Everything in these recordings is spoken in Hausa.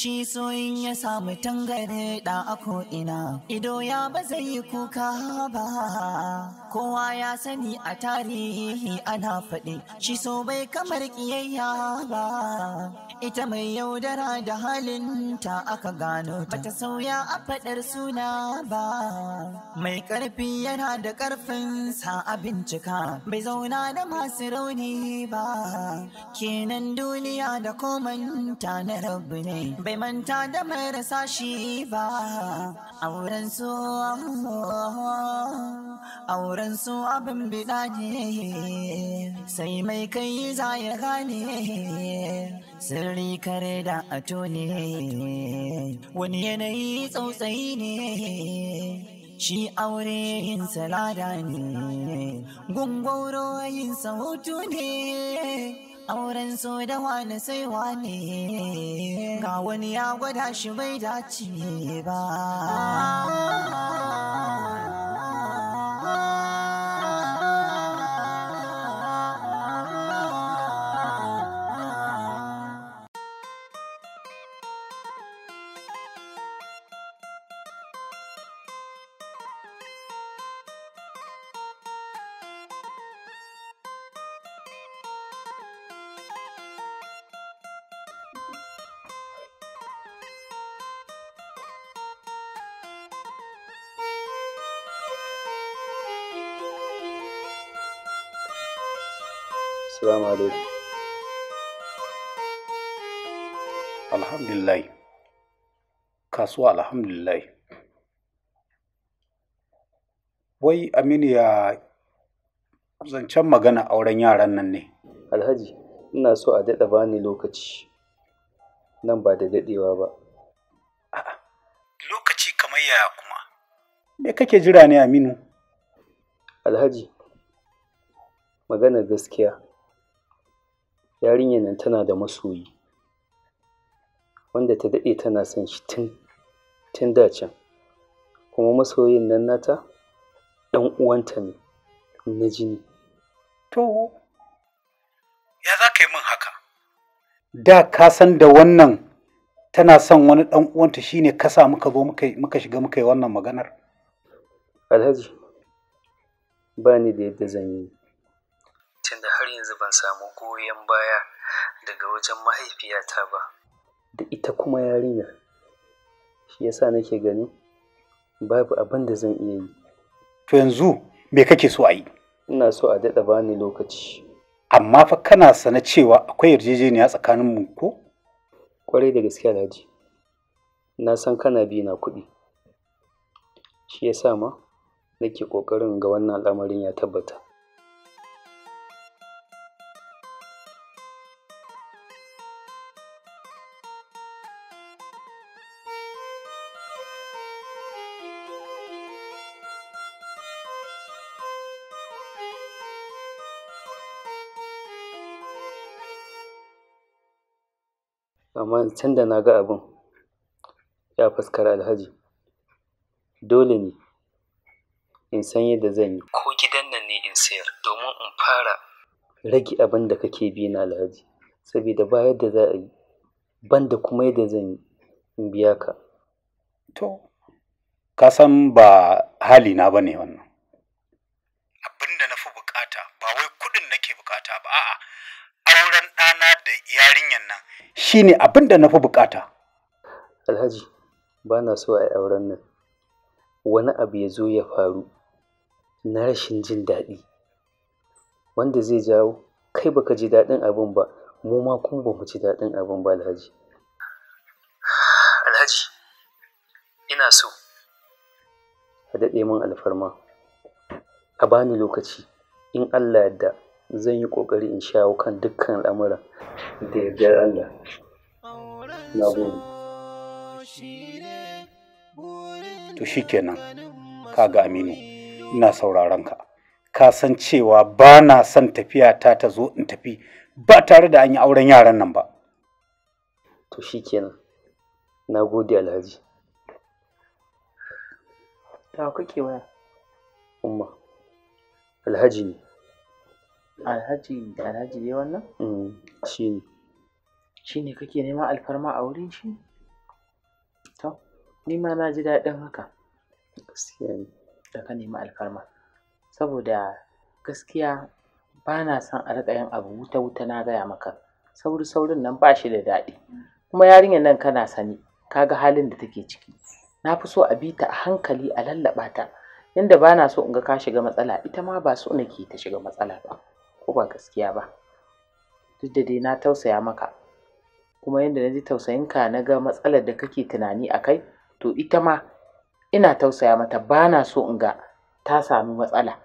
shi soyin ya samu tangare da a ko'ina ido ya ba zai yi kuka ba kowa ya sani a tarihi ana faɗi shi so bai kamar kiyayya ba ita mai yaudara da halin ta aka gano ta sauya a faɗar suna ba mai ƙarfi yana da ƙarfin sa a bincika bai zauna da masu rauni ba kenan duniya da komanta na rabu ne bai manta da marasa shi ba auren su auren su abin bida ne sai mai kai za ya gane sirri kare da ato ne wani yanayi tsautsayi ne shi aure yin salada ne gungoro yin sautu ne auren so da wani sai wani ga wani ya gwada shi bai dace ba Assalamu alaikum. Alhamdulillah. Kasuwa alhamdulillah. Wai Aminu ya zancen magana auren yaran nan ne. Alhaji, ina so a daɗa bani lokaci. Nan ba da daɗewa ba. Lokaci kamar yaya kuma. Me kake jira ne Aminu? Alhaji, magana gaskiya. yarinyar nan tana da masoyi wanda ta daɗe tana son shi tun tun da can kuma masoyin nan nata ɗan uwanta ne na jini to ya za ka yi min haka da ka san da wannan tana son wani ɗan uwanta shine ka sa muka zo muka shiga muka yi wannan maganar alhaji ba ni da yadda zan yi yanzu ban samu goyon baya daga wajen mahaifiyata ba. Da ita kuma yarinyar, shi yasa nake gani babu abin da zan iya yi. To yanzu me kake so a yi? Ina so a daɗa bani lokaci. Amma fa kana sana cewa akwai yarjejeniya tsakaninmu ko? Kwarai da gaske Alhaji, na san kana bi na kuɗi. Shi yasa ma nake ƙoƙarin ga wannan al'amarin ya tabbata. amma can da na ga abin ya fuskar alhaji dole ne in san yadda zan yi ko gidan nan ne in sayar domin in fara rage abin da kake bi na alhaji saboda ba yadda za a yi ban da kuma yadda zan yi in biya ka to ka san ba hali na ne wannan abin da na fi bukata ba wai kudin nake bukata ba a'a auren ɗana da yarinyar nan shine abin da na fi bukata alhaji ba na so a yi auren nan wani abu ya zo ya faru na rashin jin daɗi wanda zai jawo kai baka ji daɗin abin ba mu ma kuma ba mu ji daɗin abin ba alhaji alhaji ina so Ka daɗe min alfarma a bani lokaci in allah yadda zan yi ƙoƙari in shawo kan dukkan al'amura da yardar Allah. Na gode. To shi kenan, kaga Aminu, ina sauraron ka. Ka san cewa ba na son tafiya ta ta zo in tafi ba tare da an yi auren yaran nan ba. To shi kenan, na gode Alhaji. Ta kuke waya? Umma, Alhaji ne. alhaji alhaji ne wannan mm, shi ne shi ne kake neman alfarma a wurin shi to ni ma na ji daɗin haka Gaskiya ne. da ka nemi alfarma saboda gaskiya ba na son a riƙa yin abu wuta wuta na gaya maka sauri saurin nan ba shi da daɗi kuma yarinyar nan kana sani kaga halin da take ciki na fi so a bi ta a hankali a lallaɓa ta yanda ba na so in ga ka shiga matsala ita ma ba so nake ta shiga matsala ba ko ba gaskiya ba duk da dai na tausaya maka kuma yadda na ji tausayinka na ga matsalar da kake tunani a kai to ita ma ina tausaya mata ba na so in ga ta sami matsala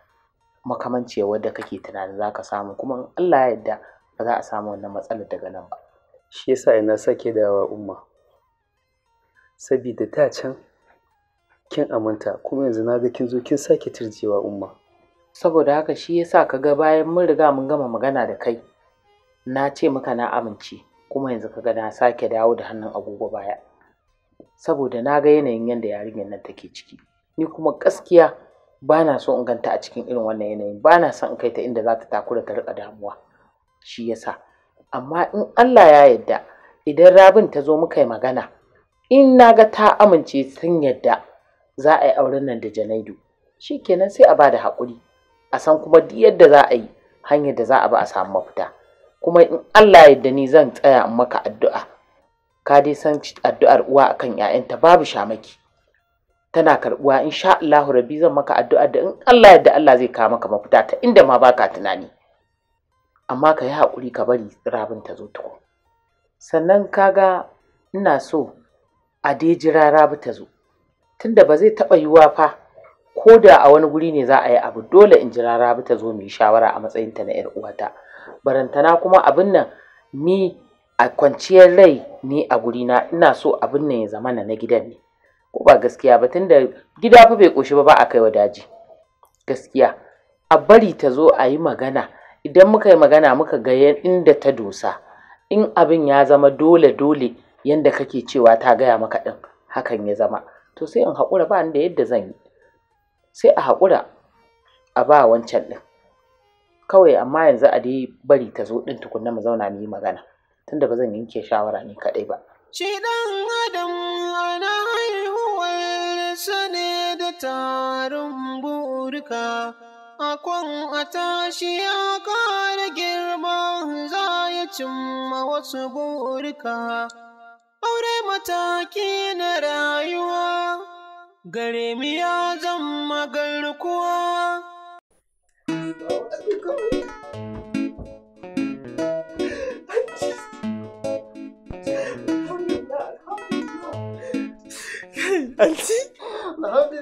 makamanciyar da kake tunanin za ka samu kuma in Allah ya yarda ba za a samu wannan matsalar daga nan ba shi yasa ina sake da dawa umma sabida ta can kin aminta kuma yanzu na ga kin zo kin sake turjewa umma saboda haka shi yasa ka ga bayan mun riga mun gama magana da kai na ce maka na amince kuma yanzu ka ga na sake dawo da hannun agogo baya saboda na ga yanayin yadda yarinyar nan take ciki ni kuma gaskiya ba na so in ganta a cikin irin wannan yanayin ba na son in kai ta inda za ta takura ta rika damuwa shi yasa amma in Allah ya yarda idan rabin ta zo muka yi magana in na ga ta amince sun yarda za a yi auren nan da janaidu shikenan sai a ba da haƙuri a san kuma duk yadda za a yi hanyar da za a ba a samu mafita kuma in Allah yadda ni zan tsaya in maka addu'a ka dai san addu'ar uwa akan ƴaƴanta babu shamaki tana karbuwa sha Allahu rabbi zan maka addu'a da in Allah yadda Allah zai kawo maka mafita ta inda ma baka tunani amma ka yi haƙuri ka bari rabin ta zo tuku. sannan kaga ina so a dai jira rabi ta zo tunda ba zai taɓa yiwuwa fa ko da a wani guri ne za a yi abu dole in jira rabi ta zo mu yi shawara a matsayinta na yar uwata barantana kuma abin nan ni a kwanciyar rai ni a guri na ina so abin nan ya zama na gidan ne ko ba gaskiya ba tunda gida fa bai koshi ba ba a kai wa daji gaskiya a bari ta zo a yi magana idan muka yi magana muka ga inda ta dosa in abin ya zama dole dole yanda kake cewa ta gaya maka din hakan ya zama to sai in haƙura ba da yadda zan yi sai a haƙura a ba wancan ɗin kawai amma yanzu a dai bari ta zo ɗin tukunna mu zauna mu yi magana tunda ba zan yanke shawara ne kaɗai ba. Shi ɗan adam ana haihuwar sane da tarin a Akwai a tashi ya ƙara girma za ya cimma wasu burka aure mataki na rayuwa. gare mu ya zama garkuwa. kuwa.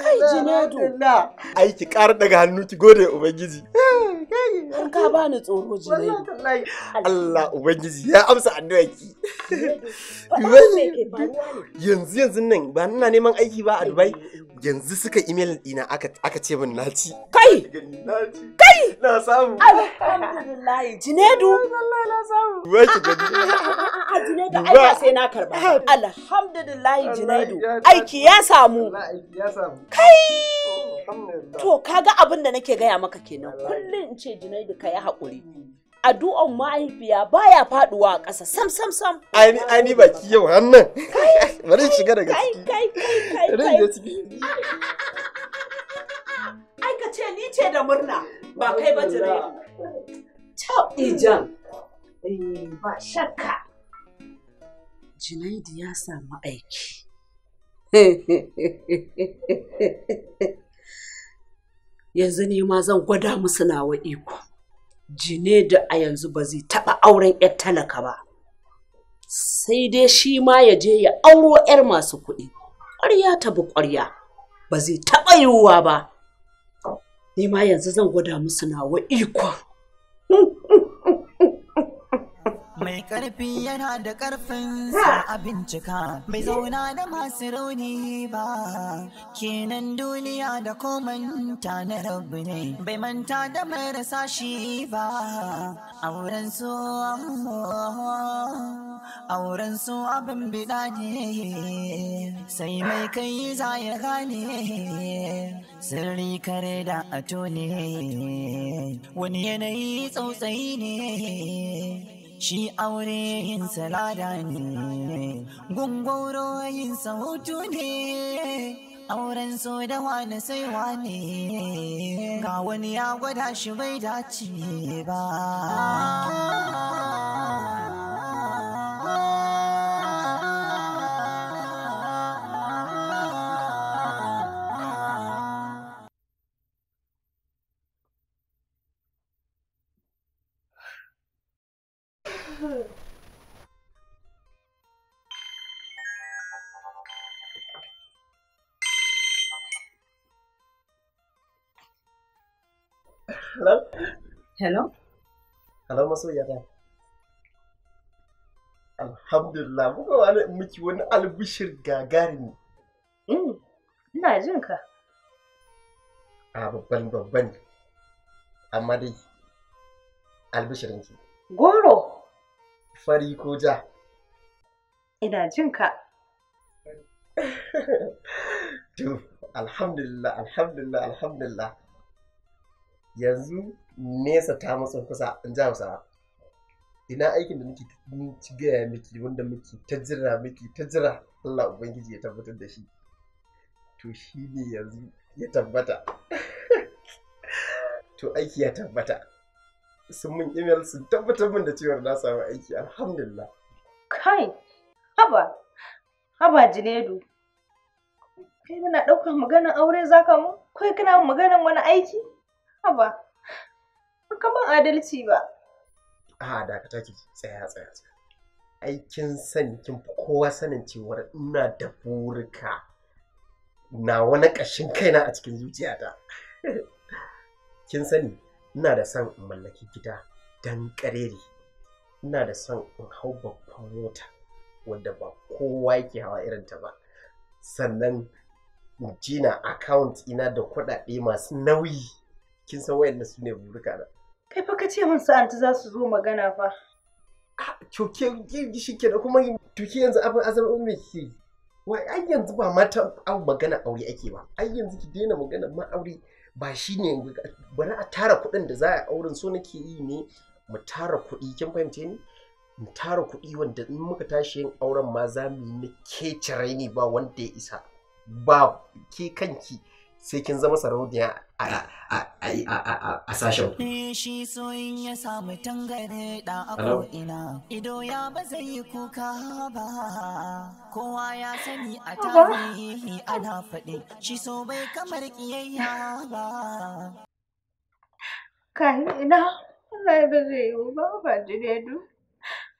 Kai Jinadu. daga hannu ki gode Ubangiji. An ka bani tsoro Jinadu. Allah Ubangiji ya amsa addu'a ki. yanzu yanzu nan ba nuna neman aiki ba a eh, dubai eh, eh. yanzu suka email ina aka ce min naci kai kai na samu alhamdulillah jinedu na samu jinedu sai na karba alhamdulillah jinedu aiki ya samu kai oh, to kaga abin da nake gaya maka kenan kullum in ce jinedu ka yi haƙuri hmm. addu'an mahaifiya baya faduwa a ƙasa sam sam sam ani ani baki yau hannun bari shiga daga ciki kai kai kai kai ciki ai ka ce ni ce da murna ba kai ba jira chau ijan eh, ba shakka jinaidi ya samu aiki yanzu ne ma zan gwada musu nawa iko jineda a yanzu ba zai taɓa auren 'yar talaka ba. Sai dai shi ma ya je ya auro 'yar masu kuɗi. Ƙwarya ta bi ƙwarya, ba zai taɓa yiwuwa ba. Ni ma yanzu zan gwada musu nawa ikon. Hmm. mai karfi yana da karfin sa a bincika bai zauna da masu rauni ba kenan duniya da komanta na rabu ne bai manta da marasa shi ba auren su auren su abin bida ne sai mai kai za ya gane sirri kare da ato ne wani yanayi tsautsayi ne Shi aure yin salada ne, gungoro yin sautu ne, auren so da wani saiwa ne, ga wani ya gwada shi bai dace ba. Hello? Hello? Hello Masu masoyata. Alhamdulillah, muka wani miki wani albishir gagarumi. Hmm, ina jin ka. A babban babban. Amma dai albishirinki. Goro? fari ko ja ina jin ka to alhamdulillah alhamdulillah alhamdulillah yanzu nesa ta matsa kusa in ja hausawa ina aikin da muke ci gaya miki wanda muke ta jira miki ta jira Allah Ubangiji ya tabbatar da shi to shi ne yanzu ya tabbata to aiki ya tabbata sun mun email sun tabbatar min da cewar na samu aiki alhamdulillah kai haba haba jinedu kai kana ɗaukar maganar aure zaka mu kai kana maganar wani aiki haba baka ban adalci ba a dakata ki tsaya tsaya tsaya aikin sani kin fi kowa sanin cewar ina da burika na wani ƙashin kaina a cikin zuciyata kin sani ina da son in mallaki gida don karere ina da son in hau babban mota wadda ba kowa yake hawa irin ta ba sannan in jina account ina da kuɗaɗe masu nauyi kin san wayanda su ne burika da. kai fa ka ce min sa'anta za su zo magana fa a ah, shi ke da kuma tuki yanzu abin azamin mai ke wai ai yanzu ba mata magana aure ake ba ai yanzu ki daina magana ma aure ba shi ne bari a tara kuɗin da za a auren so nake yi ne mu tara kuɗi kin fahimce ni mu tara kuɗi wanda in muka tashi yin auren ma za mu yi na kece ne ba wanda ya isa ba ke kanki sai kin zama sarauniya a sashen eh, shi soyin ya samu tangare da ina ido ya ba zai yi kuka ba kowa ya sani a tarihi ana faɗi shi so bai kamar kiyayya ba kai ina Allah ya ba zai yi ba ba jiredu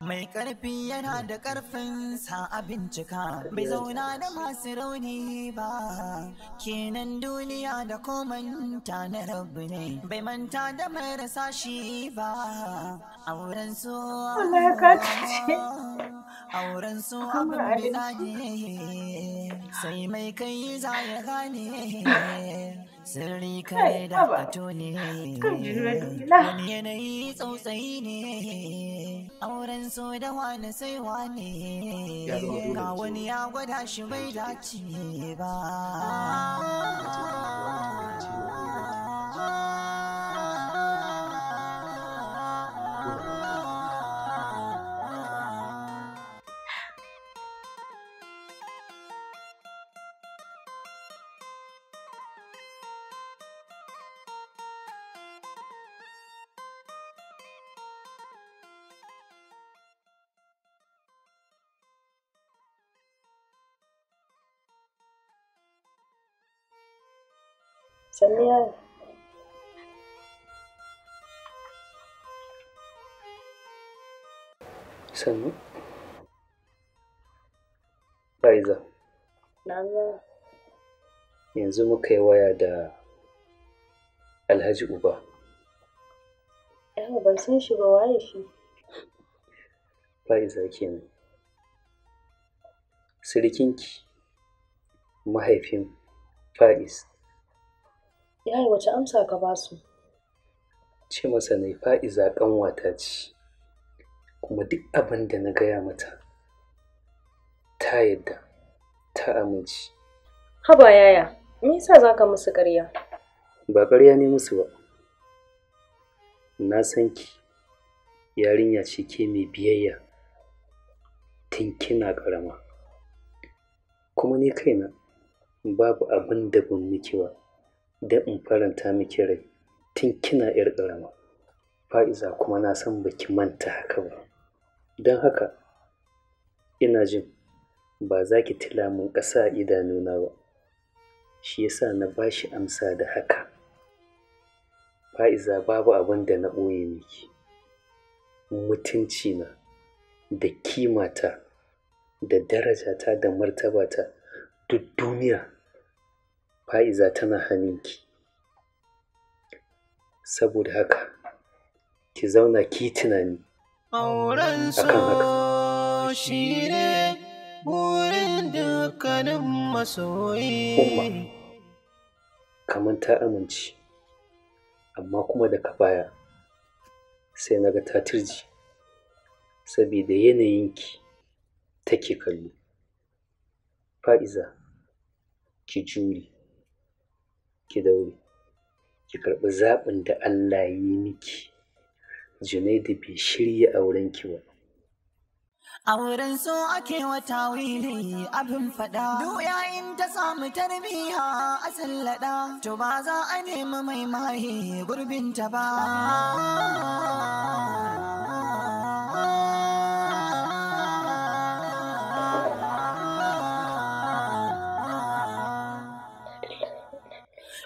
Mai ƙarfi yana da ƙarfin sa a bincika, bai zauna da masu rauni ba. Kenan duniya da komanta na rabu ne, bai manta da marasa shi ba. Auren su auren su abin bida ne, sai mai kai za ya gane. sirri kai da fato ne wani yanayi tsautsayi ne auren so da wani sai wani ga wani ya gwada shi bai dace ba sannu yaya sannu faiza yanzu muka yi waya da alhaji uba yawa ban san shi ba waye shi faiza kenan sirikinki mahaifin faiz Yayi wace amsa ka ba su? Ce masa ne fa'iza ƙanwata ce, kuma duk abin da na gaya mata ta yadda ta amince. Haba yaya, me yasa za ka musu ƙarya? Ba ƙarya ne musu ba. Na san ki, yarinya ce ke mai biyayya tun kina ƙarama. Kuma ni kaina babu abin da ban miki ba. da in faranta miki rai tun kina 'yar ƙarama fa'iza kuma na san baki manta haka ba don haka ina jin ba za ki tila mun ƙasa a idanuna ba shi yasa na bashi amsa da haka fa'iza babu abin da na ɓoye miki mutunci na da kimata da darajata da martabata duk duniya Fa'iza tana hannun ki, saboda haka ki zauna ki tunani auren haka. shi ne wurin dukkanin masoyi. kamar ta amince, amma kuma da kafaya sai na ga ta turji, saboda yanayinki take kallo. Fa'iza, ki juri. ki daure ki karɓi zaɓin da Allah yi miki Junaidu bai shirya auren ki ba auren so ake wata wili abin faɗa, duk yayin ta samu tarbiyya a sallada to ba za a nemi mai maye gurbinta ba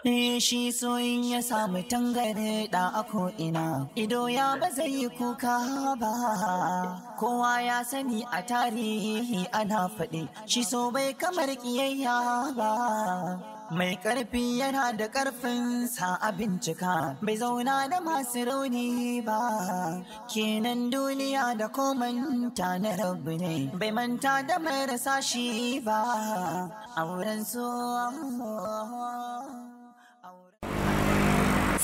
shi soyin ya samu tangare da ako ina ido ya ba zai yi kuka ba kowa ya sani a tarihi ana faɗi shi so bai kamar kiyayya ba Mai ƙarfi yana da ƙarfin sa a bincika, bai zauna da masu rauni ba. Kenan duniya da komanta na rabu ne, bai manta da marasa shi ba. Auren su.